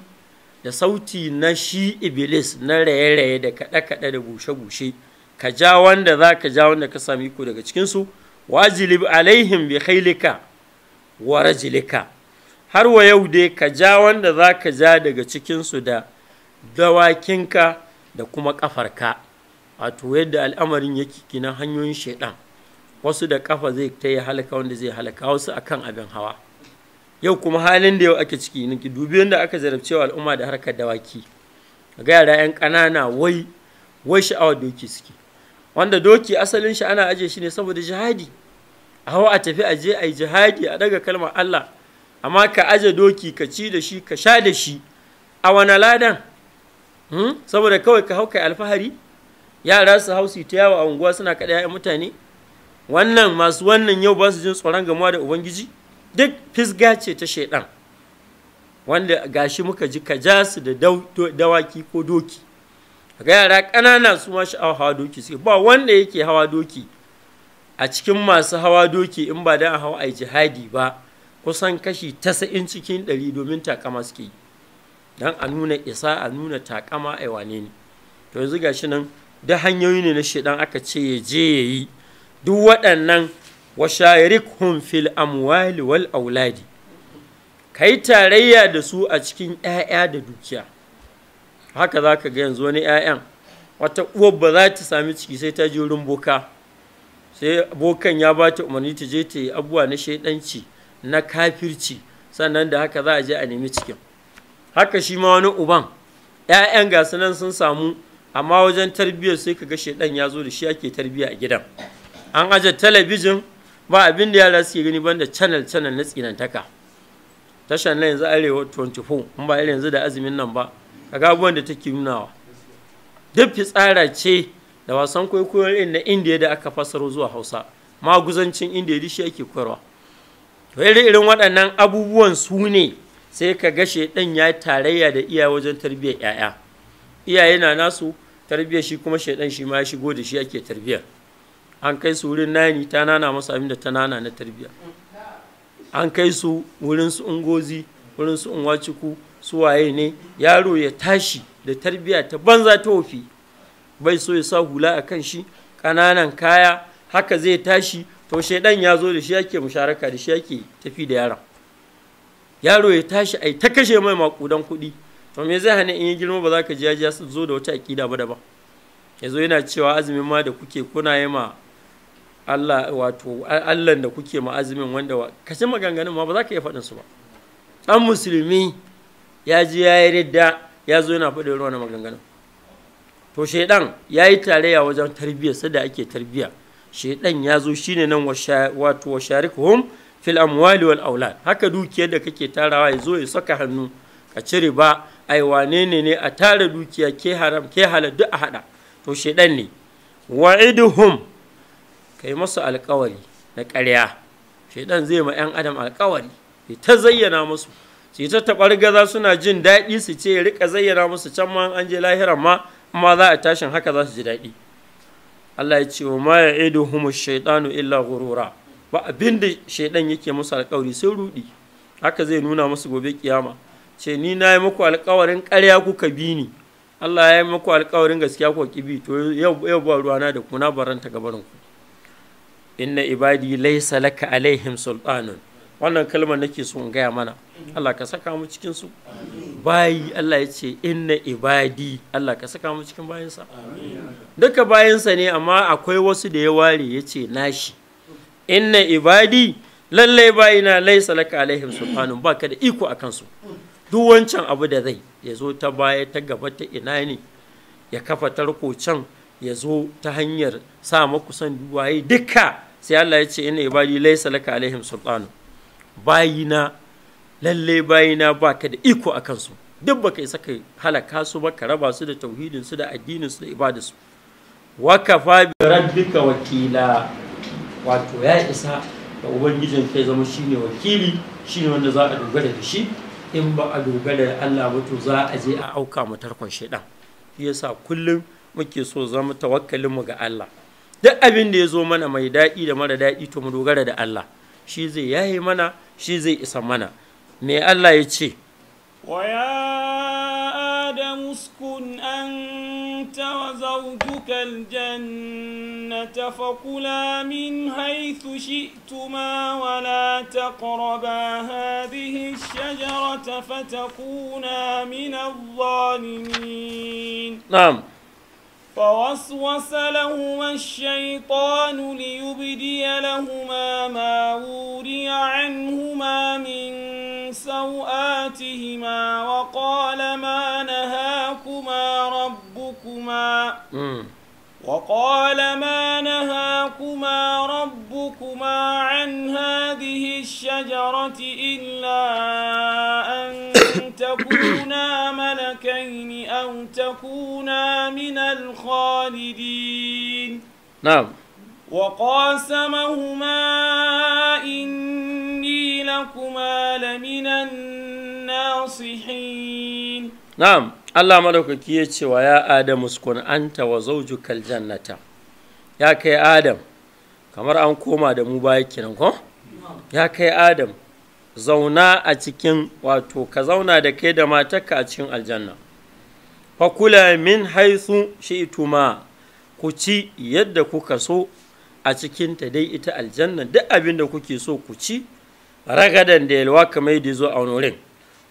da sauti na shi iblis na raye-raye da kaɗe-kaɗe da bushe-bushe ka ja wanda za ka ja wanda ka sami ku daga cikinsu wajilib alaihim bi khailika wa har wa yau dai ka ja wanda za ka ja daga cikinsu da dawakinka da kuma ƙafarka wato yadda al'amarin yake kinan hanyoyin shaidan wasu da ƙafa zai ta yi halaka wanda zai halaka wasu akan abin hawa yau kuma halin da yau ake ciki na dubi yadda aka wa al'umma da harkar dawaki gaya yara 'yan ƙanana wai wai sha'awa doki suke wanda doki asalin shi ana aje shi ne saboda jihadi a hawa a tafi a je a yi jihadi a daga kalmar Allah amma ka aje doki ka ci da shi ka sha da shi a wani ladan hmm? saboda kawai ka hau kai alfahari yara su hausi ta yawa a unguwa suna kaɗa ‘ya'yan mutane wannan masu wannan yau ba su jin tsoron gamuwa da ubangiji duk fisga ce ta shaidan wanda gashi muka ji ka ja su da dawaki ko doki ga yara ƙanana su ma sha'awa hawa doki suke ba wanda yake hawa doki a cikin masu hawa doki in ba da hau a jihadi ba kusan kashi in cikin ɗari domin takama suke yi don a nuna isa a nuna takama a wane ne to yanzu ga shi nan da hanyoyi ne na shaidan aka ce ya je ya yi duk waɗannan wa hun fil amwali wal auladi yi tarayya da su a cikin 'ya'ya da dukiya haka za ka ga yanzu wani 'ya'yan wata uwar ba za ta sami ciki sai ta je wurin boka sai bokan ya ba ta umarni ta je ta yi abubuwa na shaidanci na kafirci sannan da haka za a je a nemi cikin haka shi ma wani uban 'ya'yan gasu nan sun samu amma wajen tarbiyyar sai ka kaga shaidan ya zo da shi ake tarbiyya a gidan an aje talabijin ba abin da yara suke gani banda channel channel na tsinantaka Tashan na yanzu arewa 24 in ba irin yanzu da azumin nan ba kaga abubuwan da take nunawa duk fitsara ce da wasan kwaikwayon na indiya da aka fasaro zuwa hausa maguzancin indiya shi ake koyarwa to irin irin waɗannan abubuwan su ne sai ka ga ɗan ya tarayya da iyaye wajen tarbiyyar yaya iyaye na nasu tarbiyyar shi kuma shaidan shi ma ya shigo da shi ake tarbiyyar an kai su wurin nani ta nana masu abin da ta nana na tarbiyya an kai su wurin su ungozi wurin su unwaciku su waye ne yaro ya tashi da tarbiyya ta banza ta wofi bai so ya sa hula a kan shi ƙananan kaya haka zai tashi to shaidan ya zo da shi yake musharaka da shi yake tafi da yaron yaro ya tashi ai ta kashe mai makudan kuɗi to me zai hana in yi girma ba za ka ji ya zo da wata aƙida ba daban ya zo yana cewa azumin ma da kuke kuna yi ma Allah wato Allah da kuke ma azumin wanda kashe maganganun ma ba za ka iya faɗin su ba dan musulmi ya ji ya yi ridda ya zo yana faɗin ruwan maganganun to shaidan ya yi tarayya wajen tarbiyyarsa da ake tarbiyya shaidan ya zo shine nan wato wa sharikuhum fil amwali wal aulad haka dukiyar da kake tarawa ya zo ya saka hannu ka cire ba ai wane ne ne a tara dukiya ke haram ke halal duk a hada to shaidan ne wa'iduhum kai masu alkawari na ƙarya shaidan zai ma 'yan adam alkawari ya ta zayyana musu su ta taɓargaza suna jin daɗi su ce ya riƙa zayyana musu can ma an je lahiran ma amma za a tashin haka za su ji daɗi Allah ya ce wa ma ya idu humu shaitanu illa gurura ba abinda shaidan yake musu alkawari sai rudi haka zai nuna musu gobe kiyama ce ni na yi muku alkawarin karya kuka bi ni Allah ya yi muku alkawarin gaskiya ku ki to yau ba ruwana da ku na baranta gabanin ku inna ibadi laysa laka alaihim sultanun wannan kalmar nake so in gaya mana Allah ka saka mu cikin su bayi Allah ya ce inna ibadi Allah ka saka mu cikin bayansa duka bayansa ne amma akwai wasu da ya ware ya ce nashi inna ibadi lallai bayina laisa laka alaihim sultanun baka da iko akan su duk wancan abu da zai ya zo ta baya ta gaba ta ina ne ya kafa tarko can ya zo ta hanyar sa maku san duwaye duka sai Allah ya ce inna ibadi laisa laka alaihim sultanun bayina lalle bayina ka da iko a kansu duk baka isa ka halaka su ba ka raba su da tauhidin su da addinin su da ibada su wa ka fa bi rabbika wakila wato ya isa da ubangijin kai zama shine wakili shine wanda za a dogara da shi in ba a dogara da Allah ba to za a je a auka mu tarkon shaidan shi yasa kullum muke so zama tawakkalin mu ga Allah duk abin da ya zo mana mai daɗi da mara daɗi to mu dogara da Allah shi zai yaye mana shi zai isa mana me Allah ya ce wa ya adam uskun anta wa zawjuka aljannata fakula min haythu shi'tuma wa la taqraba hadhihi ash-shajarata fatakuna min adh-dhalimin na'am فوسوس لهما الشيطان ليبدي لهما ما وري عنهما من سوآتهما وقال ما نهاكما ربكما وقال ما نهاكما ربكما عن هذه الشجرة إلا أن تكونا ملكين أو تكونا من الخالدين نعم وقاسمهما إني لكما لمن الناصحين نعم Allah madaukaki ya ce wa ya Adam uskun anta wa zaujukal ya kai Adam kamar an koma da mu baya kenan ko ya kai Adam zauna a cikin wato ka zauna da kai da matarka a cikin aljanna fakula min shi ituma ku ci yadda kuka so a cikin ta dai ita aljanna duk abin da kuke so ku ci ragadan da yalwa kamar da zo a wurin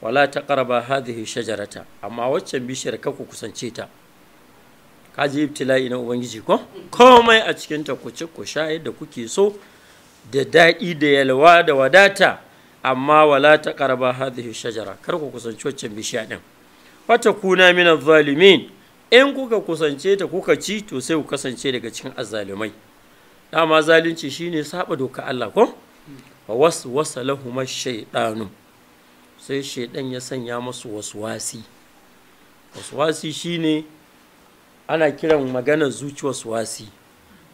wala ta karba hadhihi shajarata amma waccan bishiyar ka ku kusance ta ka ji ibtila'i na ubangiji ko komai a cikin ta ku ci ku sha yadda kuke so da daɗi da yalwa da wadata amma wala ta karba hadhihi shajara kar ku kusanci waccan bishiya din wata kuna min zalimin in kuka kusance ta kuka ci to sai ku kasance daga cikin azzalumai dama zalunci shine saba doka Allah ko wa waswasa lahum ash-shaytanu sai shaydan ya sanya musu waswasi waswasi shine ana kiran maganar zuci waswasi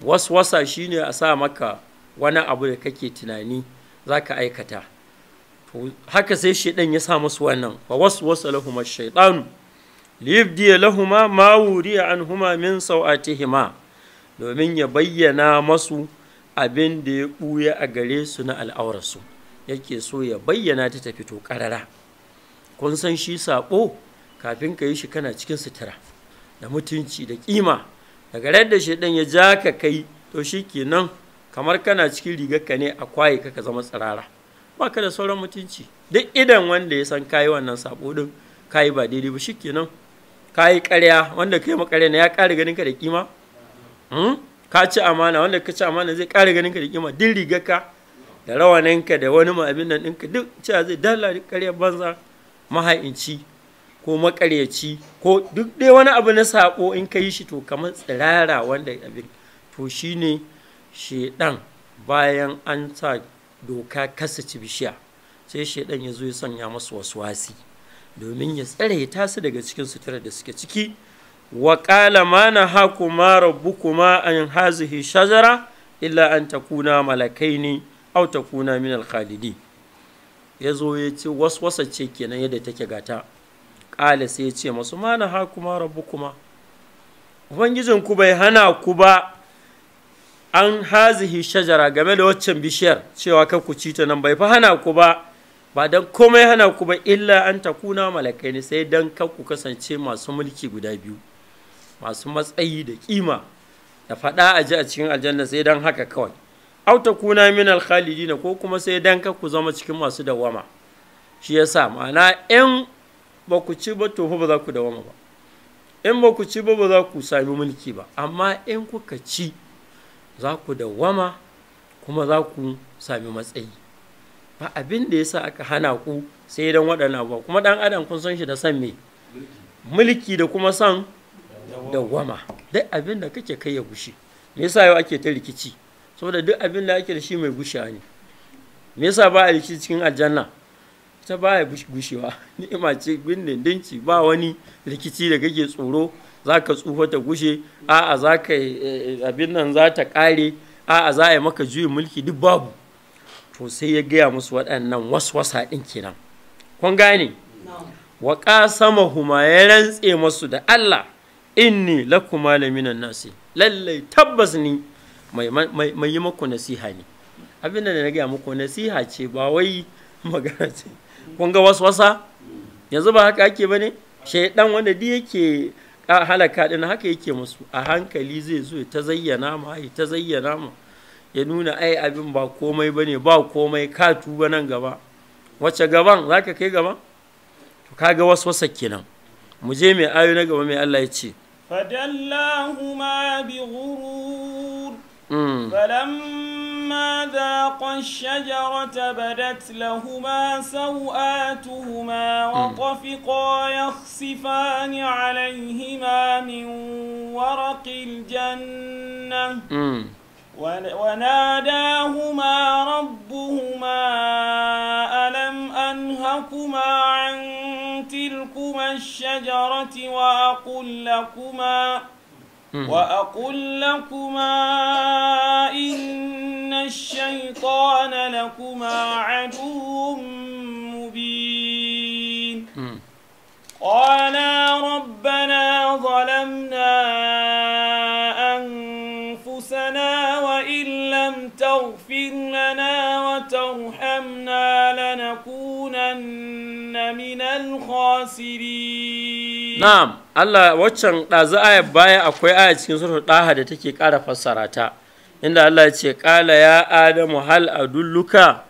waswasa shine a sa maka wani abu da kake tunani zaka aikata haka sai shaidan ya sa masu wannan fa waswasa lahum ash-shaytan diya lahum ma an anhuma min sawatihima domin ya bayyana masu abin da ya buya a gare su na al'aurarsu yake so ya bayyana ta tafi to karara kun san shi sabo kafin ka yi shi kana cikin sutura da mutunci da ƙima daga da shaidan ya ja ka kai to shi shikenan kamar kana cikin rigar ka ne a kwaye ka ka zama tsirara baka da sauran mutunci duk idan wanda ya san kayi wannan sabo din kayi ba daidai ba shikenan kayi ƙarya wanda kai karya ne ya ƙara ganin ka da kima hmm? ka ci amana wanda ka ci amana zai ƙara ganin ka da kima din rigarka da rawaninka da wani ma abin nan ɗinka duk cewa zai dala ƙarya banza maha'inci ko makaryaci ko duk dai wani abu na sabo in ka yi shi to kamar tsirara wanda abin to shine shedan bayan an sa doka kasa ci bishiya sai shaidan ya zo ya sanya masu waswasi domin ya tsare ta su daga cikin sutura da suke ciki wa qala ma nahakuma rabbukuma an hazihi shajara illa an ne. malakaini aw takuna min al-khalidi ya zo ya ce waswasa ce kenan yadda take gata ƙala sai ya ce masu ma nahakuma rabbukuma ubangijinku bai hana ku ba an hazihi shajara game da waccan bishiyar cewa kan ku ci ta nan bai fa hana ku ba ba dan komai hana ku ba illa an ta kuna malakai ne sai dan kan ku kasance masu mulki guda biyu masu matsayi da kima da faɗa a ji a cikin aljanna sai dan haka kawai au kuna min alkhalidina ko kuma sai dan kan ku zama cikin masu dawama shi yasa ma'ana in ba ku ci ba to ba za ku dawama ba in ba ku ci ba ba za ku sami mulki ba amma in kuka ci za ku dawwama kuma za ku sami matsayi ba abin da yasa aka hana ku sai don waɗannan ba kuma ɗan adam kun san shi da san me mulki da kuma san dawwama duk abin da kake kai ya gushi me yasa yau ake ta rikici saboda duk abin da ake da shi mai gushewa ne me yasa ba a rikici cikin aljanna ta ba a gushewa [laughs] ni'ima ce gindin dinci ba wani rikici da kake tsoro za ka tsufa ta gushe a'a za ka eh, abin nan za ta ƙare a'a za a yi maka juyin mulki duk babu to sai ya gaya musu waɗannan waswasa ɗin kenan kun gane wa ƙasama huma ya rantse masu da Allah inni lakuma laminan nasi lallai tabbas ni mai yi maku nasiha ne abin da na gaya muku nasiha ce ba wai magana ce kun ga waswasa yanzu ba haka ake bane shaidan wanda di yake a halaka din haka yake musu a hankali zai zo ta zayyana mu ya ta zayyana mu ya nuna ai abin ba komai bane ba komai ka tuba nan gaba wacce gaban zaka kai gaban to kaga waswasa kenan mu je mai ayo na gaba mai Allah ya ce ma bi ghurur hmm. ذاق ذاقا الشجرة بدت لهما سوآتهما وطفقا يخصفان عليهما من ورق الجنة وناداهما ربهما ألم أنهكما عن تلكما الشجرة وأقل لكما ۖ وأقول لكما إن الشيطان لكما عدو مبين قالا ربنا ظلمنا أنفسنا وإن لم تغفر لنا وترحمنا لنكونن من الخاسرين نعم Allah waccan ɗazu ayar baya akwai aya cikin suratul ɗaha da take ƙara fassara ta inda Allah ya ce ƙala ya adamu hal adulluka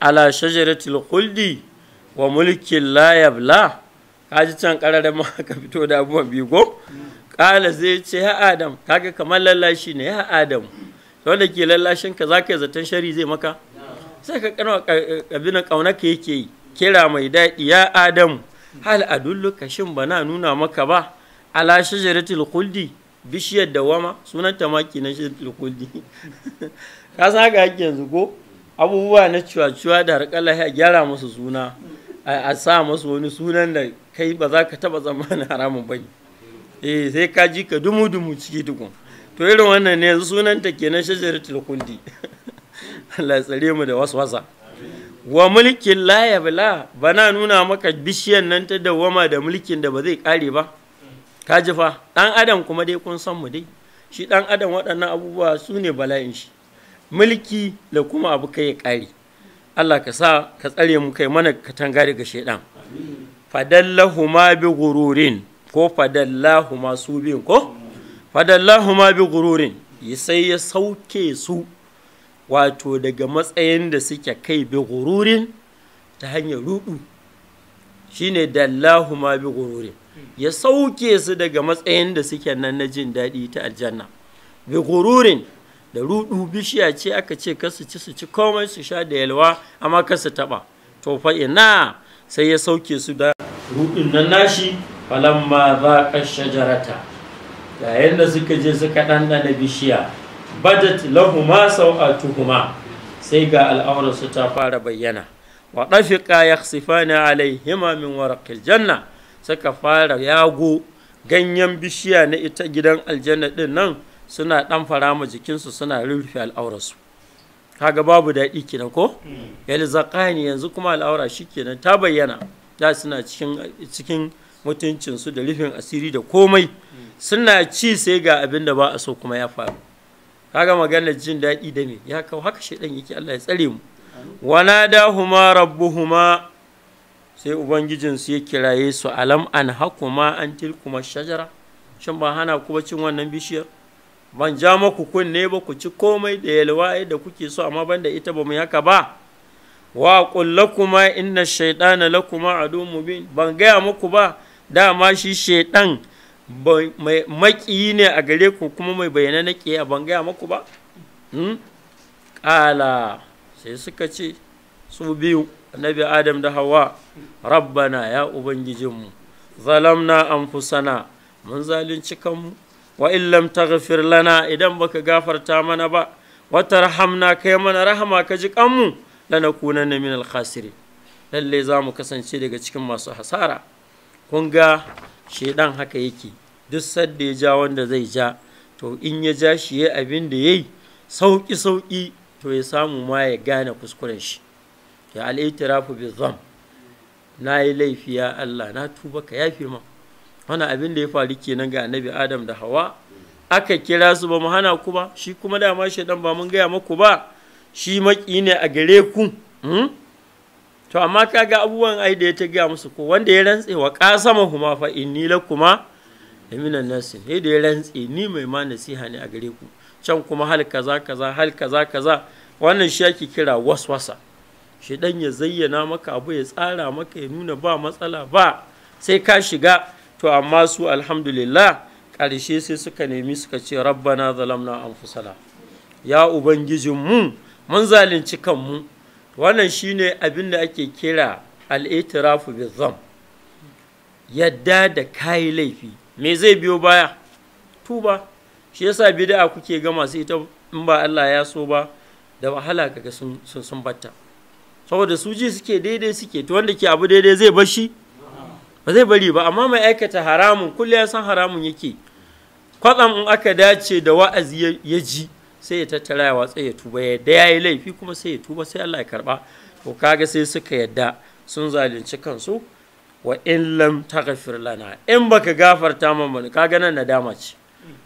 ala shajaratil khuldi wa mulkin la yabla kaji can ƙararren ma [laughs] ka fito da abubuwan biyu ko ƙala zai ce ya adam kaga kamar lallashi ne ya adam wanda ke lallashin ka za ka yi zaton shari zai maka sai ka ƙauna abin ƙaunar ka yake kira mai daɗi ya adamu hal adulluka shin bana nuna maka ba ala shajaratul khuldi bishiyar dawama sunan ta maki na shajaratul khuldi [laughs] ka san haka yake yanzu ko abubuwa na ciwa-ciwa da harƙala ya gyara musu suna a sa musu wani sunan da kai ba za ka taɓa zamanin haramun ba eh sai ka ji ka dumu-dumu ciki tukun to irin wannan ne yanzu sunanta kenan shajaratul khuldi [laughs] Allah ya tsare mu da waswasa wa mulkin la bala bana nuna maka bishiyan nan ta dawwama da mulkin da ba zai kare ba ka ji fa dan adam kuma dai kun san mu dai shi dan adam waɗannan abubuwa su ne bala'in shi mulki da kuma abu kai ya kare Allah ka sa ka tsare mu kai mana tanga daga shaidan fadallahuma bi gururin ko fadallahuma su bin ko fadallahuma bi gururin sai ya sauke su wato daga matsayin da suke kai bi gururin ta hanyar rudu shine dallahu ma bi gururin ya sauke su daga matsayin da suke nan na jin daɗi ta aljanna bi gururin da rudu bishiya ce aka ce kasu ci su ci komai su sha da yalwa amma kasu taba to fa ina sai ya sauke su da rudin nan nashi falamma ka shajarata yayin da suka je suka ɗanɗana bishiya badat lahuma sau'atuhuma sai ga al'aurarsu ta fara bayyana wa dafiqa yakhsifani alaihima min waraqil janna suka fara yago ganyen bishiya na ita gidan aljanna din nan suna dan farama jikinsu suna rufe al'aurarsu kaga babu daɗi kenan ko hmm. yalzaqani yanzu kuma al'aura kenan ta bayyana da suna cikin cikin mutuncinsu da rufin asiri da komai hmm. suna ci sai ga abin da ba a so kuma ya faru kaga maganar jin daɗi da me ya kawo haka shaidan yake Allah ya tsare mu wanadahuma rabbuhuma sai ubangijinsu ya kiraye su alam an hakuma an tilkuma shajara shin ba hana ku cin wannan bishiyar ban ja maku kunne ba ku ci komai da yalwa da kuke so amma banda ita ba mu haka ba wa kullakuma inna shaytana lakuma adu mubin ban gaya muku ba dama shi shaiɗan maƙiyi ne a gare ku kuma mai bayyana na ke a bangaya maku ba hmm? ƙala sai suka ce su biyu annabi adam da hawa rabbana ya ubangijinmu zalamna an fusana mun zalunci kanmu wa illam taghfir lana idan baka gafarta mana ba wata rahamna kai mana rahama ka ji kanmu na min al lalle za mu kasance daga cikin masu hasara kun ga shedan haka yake duk sadda ya ja wanda zai ja to in ya ja shi ya abin da ya yi sauƙi sauƙi to ya samu ma ya gane kuskuren shi ya rafu bi zam na yi laifi ya Allah na tuba ka yafe ma wani abin da ya faru kenan ga annabi adam da hawa aka kira su ba mu hana ku ba shi kuma dama shaidan ba mun gaya maku ba shi maki ne a gare ku hmm? to amma ka ga abubuwan ai da ya ta gaya musu ko wanda ya rantse wa kasama huma fa inni da minan nasin ne da ya rantse ni mai ma nasiha ne a gare ku can kuma hal kaza kaza hal kaza kaza wannan shi ake kira waswasa shi dan ya zayyana maka abu ya tsara maka ya nuna ba matsala ba sai ka shiga to amma su alhamdulillah ƙarshe sai suka nemi suka ce rabbana zalamna anfusana ya ubangijinmu mun zalunci kanmu wannan shine abin da ake kira al'itirafu bi zam yadda da kayi laifi me zai biyo baya tuba shi yasa bid'a kuke ga masu ita in ba Allah ya so ba da wahala kaga sun sun sun saboda su ji suke daidai suke to wanda ke abu daidai zai bar shi ba zai bari ba amma mai aikata haramun kullum ya san haramun yake kwatsam in aka dace da wa'azi ya ji sai ya tattara ya watsa ya tuba ya da ya yi laifi kuma sai ya tuba sai Allah ya karba to kaga sai suka yadda sun zalunci kansu wa in lam taghfir lana in baka gafarta mana kaga nan nadama ce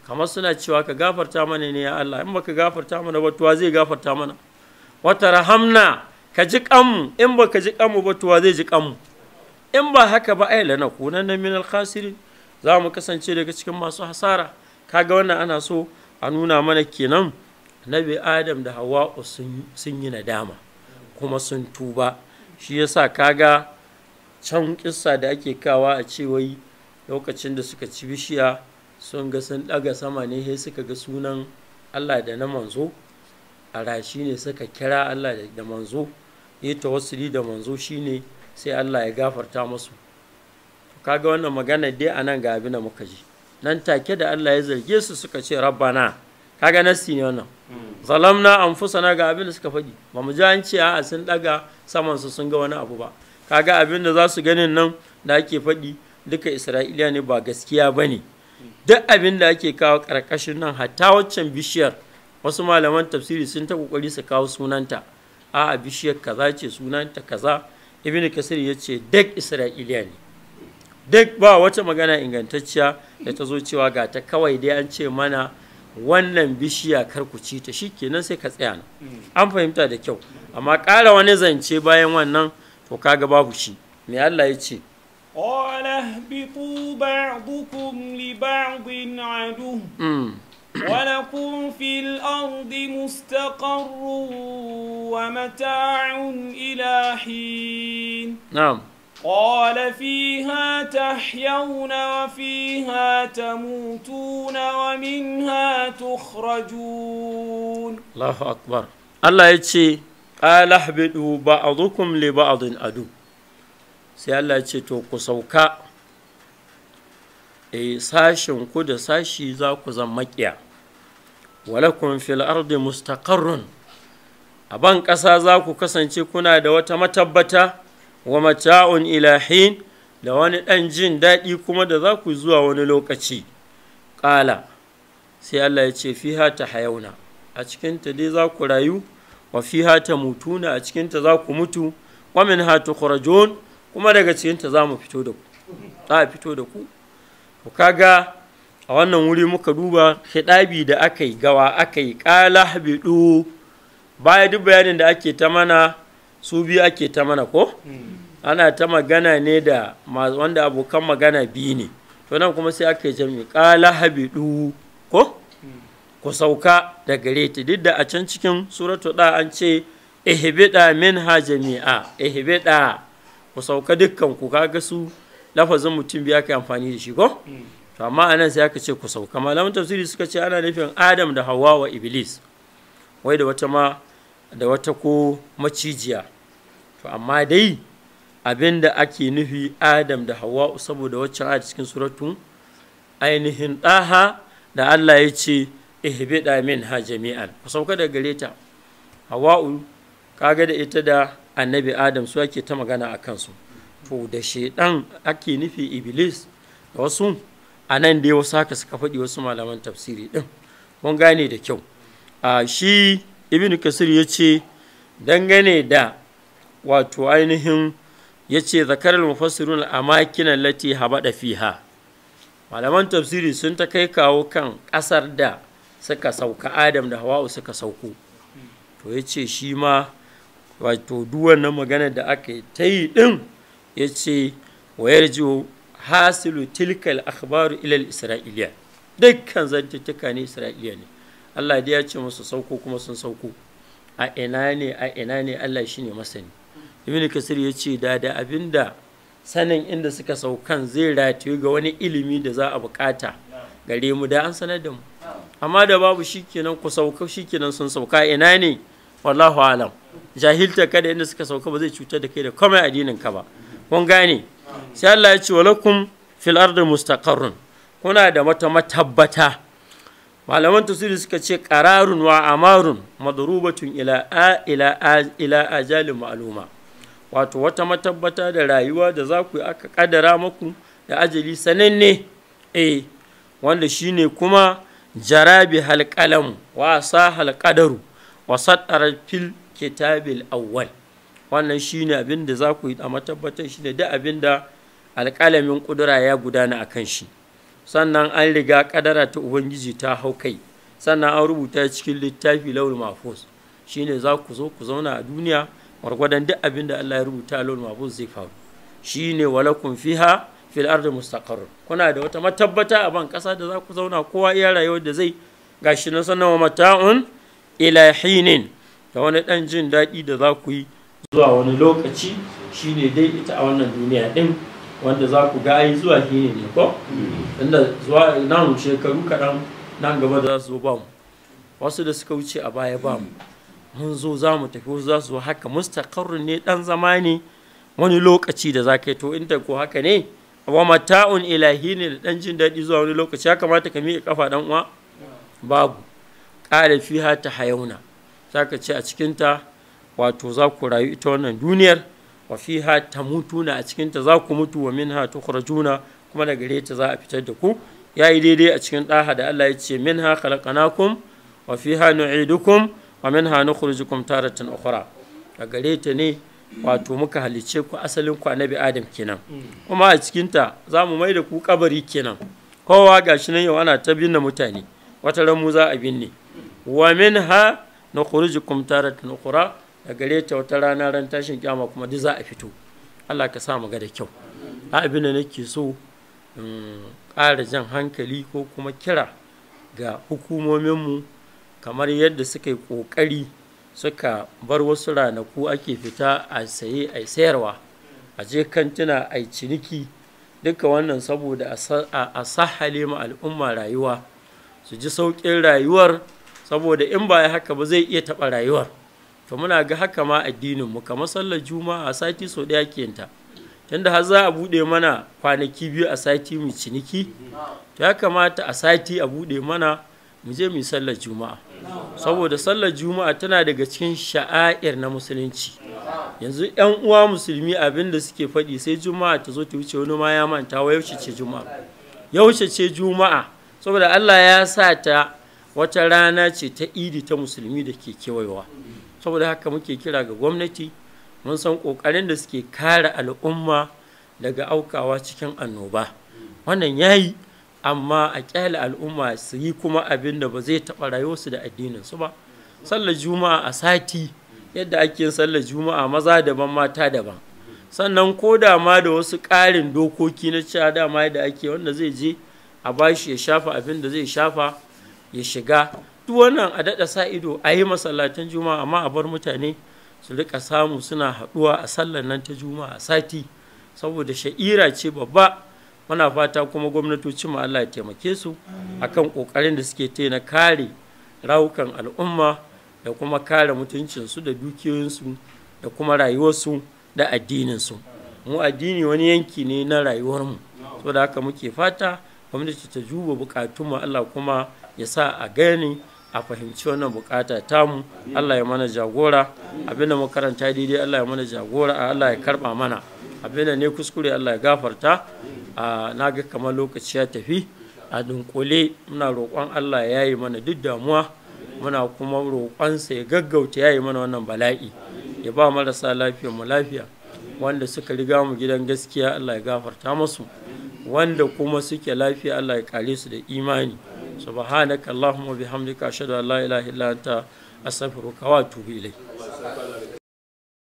kamar suna cewa ka gafarta mana ne ya Allah in baka gafarta mana ba tuwa zai gafarta mana wata rahamna ka ji kanmu in baka ji kanmu ba tuwa zai ji kanmu in ba haka ba ai lana kunan na al khasirin za mu kasance daga cikin masu hasara kaga wannan ana so a nuna mana kenan nabi adam da hawa'u sun yi nadama kuma sun tuba shi yasa kaga can kissa da ake kawa a cewai lokacin da suka ci bishiya sun ga sun daga sama ne sai suka ga sunan allah da na manzo a rashi ne suka kira allah da manzo ya tawassuli da manzo shine sai allah ya gafarta musu kaga wannan magana dai anan ga abin da muka ji nan take da allah ya zarge su suka ce rabana. kaga nassi ne wannan hmm. zalamna anfusana ga abin da suka faɗi ba mu ce a sun daga saman su sun ga wani abu ba kaga abin da za su ganin nan da ake faɗi duka isra'iliya ne ba gaskiya ba ne duk abin da ake kawo karkashin nan hatta waccan bishiyar wasu malaman tafsiri sun ta kokari su kawo sunanta a bishiyar kaza ce sunanta kaza ibn kasir ya ce duk isra'iliya ne duk ba wata magana ingantacciya da ta zo cewa ga ta kawai dai an ce mana wannan bishiya kar ku ci ta shikenan sai ka tsaya hmm. an fahimta da kyau amma ƙara wani zance bayan wannan to kaga babu shi me Allah ya ce قال اهبطوا بعضكم لبعض عدو ولكم في الأرض مستقر ومتاع إلى حين نعم قال فيها تحيون وفيها تموتون ومنها تخرجون الله أكبر الله يتشي قال اهبطوا بعضكم لبعض أدو sai Allah ce to ku sauka e sashin ku da sashi za ku zan makiya walakum fil ardi mustaqarrun a ban ƙasa za ku kasance kuna da wata matabbata wa mata'un ilahin da wani ɗan jin daɗi kuma da za ku zuwa wani lokaci ƙala sai Allah ya ce fiha ta hayauna a cikinta dai za ku rayu wa fiha ta mutuna a cikinta za ku mutu wa min ha tukhrajun kuma daga cikinta za mu fito da ku za a fito da ku to kaga a wannan wuri muka duba hidabi da aka yi gawa aka yi ƙala Ba baya duk bayanin da ake ta mana su biyu ake ta mana ko ana ta magana ne da wanda abokan magana biyu ne to nan kuma sai ake jami ƙala habidu ko ku sauka da gare ta duk da a can cikin suratu da an ce ihbida ha jami'a ihbida ku sauka dukkan ku kaga su lafazin mutum biya ka amfani da shi ko to amma anan sai aka ce ku sauka malaman tafsiri suka ce ana nufin Adam da hawa wa Iblis wai da wata ma da wata ko macijiya to amma dai abin da ake nufi adam da hawa'u saboda wacce a cikin suratun ainihin ɗaha da allah ya ce ihbida min ha jami'an ku sauka da gare ta hawa'u kaga da ita da annabi adam su ake ta magana a kansu to da shaidan ake nufi iblis da wasu a nan dai wasu haka suka faɗi wasu malaman tafsiri ɗin mun gane da kyau a shi ibn kasir ya ce dangane da wato ainihin ya ce zakarar a makinan lati habaɗa fiha malaman tafsiri sun ta kai kawo kan ƙasar da suka sauka adam da hawa'u suka sauko to ya ce shi ma wato duwannan magana da aka yi ta yi ɗin ya ce wayar ji hasilu tilkal akhbaru ilal isra'iliya dukkan zantattuka ne isra'iliya ne Allah dai ya ce musu sauko kuma sun sauko a ina ne a ina ne Allah shine masani ibn kasir ya ce da da abinda sanin inda suka saukan zai ratayu ga wani ilimi da za a bukata gare mu da an sanar da mu amma da babu shikenan ku sauka shikenan sun sauka ina ne wallahu alam jahilta kada inda suka sauka ba zai cutar da kai da komai addinin ka ba kun gane sai Allah ya ce walakum fil ardi mustaqarrun kuna da mata matabbata malaman tafsiri suka ce ƙararun wa amarun madrubatun ila a ila a ila ma'luma wato wata matabbata da rayuwa da za ku aka ƙaddara maku da ajali sananne eh wanda shine kuma jarabi halƙalam wasa sa halqadaru wa fil kitabil awwal wannan shine abin da za ku yi a matabbatar shi da abin da alƙalamin ƙudura ya gudana a kan shi sannan an riga kadara ta ubangiji ta hau kai sannan an rubuta cikin littafi laul mahfuz shine za ku zo ku zauna a duniya gwargwadon duk abin da Allah ya rubuta a laul mafus zai faru shine walakum fiha fil ardi mustaqarr kuna da wata matabbata a ban kasa da za ku zauna kowa iya rayuwar da zai gashi na sannan mata'un ila hinin da wani dan jin daɗi da za ku yi zuwa wani lokaci shine dai ita a wannan duniya din wanda za ku ga yi zuwa shi ne ko inda mm. zuwa nan shekaru kaɗan nan gaba da za ba mu wasu da suka wuce a baya ba mu mun zo za mu tafi wasu za zo haka mustaqarrun ne ɗan zama ne wani lokaci da za ka to inda ko haka ne wa mata'un ilahi ne da ɗan jin daɗi zuwa wani lokaci ya kamata ka miƙa kafa dan uwa babu ƙara fiha ta hayauna za ka ce a cikinta wato za ku rayu ita wannan duniyar wa fiha tamutuna a cikinta ta za ku mutu wa minha tukhrajuna kuma daga gare ta za a fitar da ku Ya yi daidai a cikin ɗaha da Allah ya ce minha khalaqnakum wa fiha nu'idukum wa minha nukhrijukum taratan ukhra a gare ta ne wato muka halice ku asalin ku annabi Adam kenan kuma a cikin ta za mu mai da ku kabari kenan kowa gashi nan yau ana ta binne mutane wata ran mu za a binne wa minha nukhrijukum taratan ukhra da gare ta wata rana ran tashin kyama kuma duk za a fito Allah ka sa mu ga da kyau a abin da nake so in ƙara jan hankali ko kuma kira ga hukumominmu kamar yadda suka yi ƙoƙari suka bar wasu ranaku ake fita a saye a sayarwa a je kantuna a ciniki duka wannan saboda a sahale ma al'umma rayuwa su ji sauƙin rayuwar saboda in ba haka ba zai iya taɓa rayuwar to muna ga haka ma addinin mu kamar sallar juma'a sati so ɗaya kenta tunda har za a buɗe mana kwanaki biyu a sati mu ciniki to ya kamata a sati a buɗe mana mu je mu sallar juma'a saboda sallar juma'a tana daga cikin sha'air na musulunci yanzu yan uwa musulmi abinda suke faɗi sai juma'a ta zo ta wuce wani ma ya manta wa yaushe ce juma'a yaushe ce juma'a saboda Allah ya sa ta wata rana ce ta idi ta musulmi da ke kewayewa saboda haka muke kira ga gwamnati mun san ƙoƙarin da suke kare al'umma daga aukawa cikin annoba wannan ya yi amma a ƙyale al'umma su yi kuma abin da ba zai taɓa rayuwarsu da su ba sallar juma'a a sati yadda ake yin sallar juma'a maza daban mata daban sannan ko da ma da wasu ƙarin dokoki na cewa dama da ake wanda zai je a bashi ya shafa abin da zai shafa ya shiga duk wannan a daɗa sa ido a yi masallacin juma'a amma a bar mutane su rika samu suna haɗuwa a sallar nan ta juma'a a sati saboda sha'ira ce babba muna fata kuma gwamnatoci mu Allah ya taimake su akan kokarin da suke ta na kare rawukan al'umma da kuma kare mutuncinsu da dukiyoyinsu da kuma rayuwarsu da addininsu mu addini wani yanki ne na rayuwarmu saboda haka muke fata gwamnati ta juba bukatunmu Allah kuma ya sa a gani a fahimci wannan bukata tamu Allah ya mana jagora abinda makaranta daidai Allah ya mana jagora Allah ya karba mana abinda ne kuskure Allah ya gafarta na ga kamar lokaci ya tafi a dunkule muna roƙon Allah ya yi mana duk damuwa muna kuma sa ya gaggauta ya yi mana wannan bala'i ya ba marasa lafiya mu lafiya wanda suka riga mu gidan gaskiya Allah ya gafarta musu wanda kuma suke lafiya Allah ya kare su da imani subhanaka allahumma bihamdika ashhadu an la ilaha illa anta astaghfiruka wa atubu ilayk